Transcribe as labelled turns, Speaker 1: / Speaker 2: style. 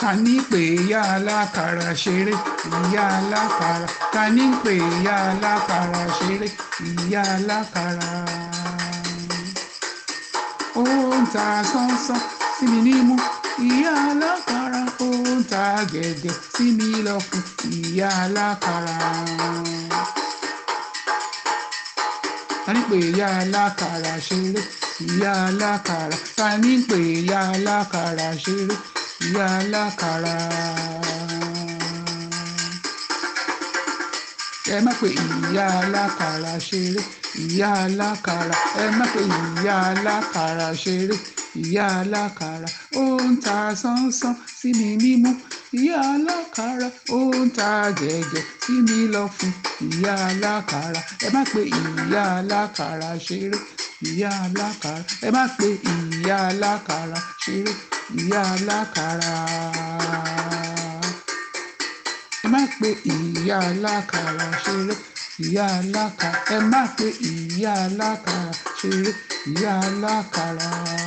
Speaker 1: ká ní pé ìyá alákàrà ṣeré ìyá alákàrà ká ní pé ìyá alákàrà ṣeré ìyá alákàrà. ó ń ta sánsán sí mi nímú ìyá alákàrà ó ń ta gẹ̀gẹ̀ sí mi lọ́kùn ìyá alákàrà. ká ní pé ìyá alákàrà ṣeré ìyá alákàrà ká ní pé ìyá alákàrà ṣeré ìyá alákàrà. ẹ má pe ìyá alákàrà ṣeré ìyá alákàrà ẹ má pe ìyá alákàrà ṣeré ìyá alákàrà ó ń ta sánsán sí mi mímú ìyá alákàrà ó ń ta jẹ̀jẹ̀ sí mi lọ́fun ìyá alákàrà ẹ má pe ìyá alákàrà ṣeré ìyá alákàrà ẹ má pe ìyá alákàrà ṣeré ìyá alákàárà. ẹ má pe ìyá alákàárà ṣeré ìyá alákàárà ẹ má pe ìyá alákàárà ṣeré ìyá alákàárà.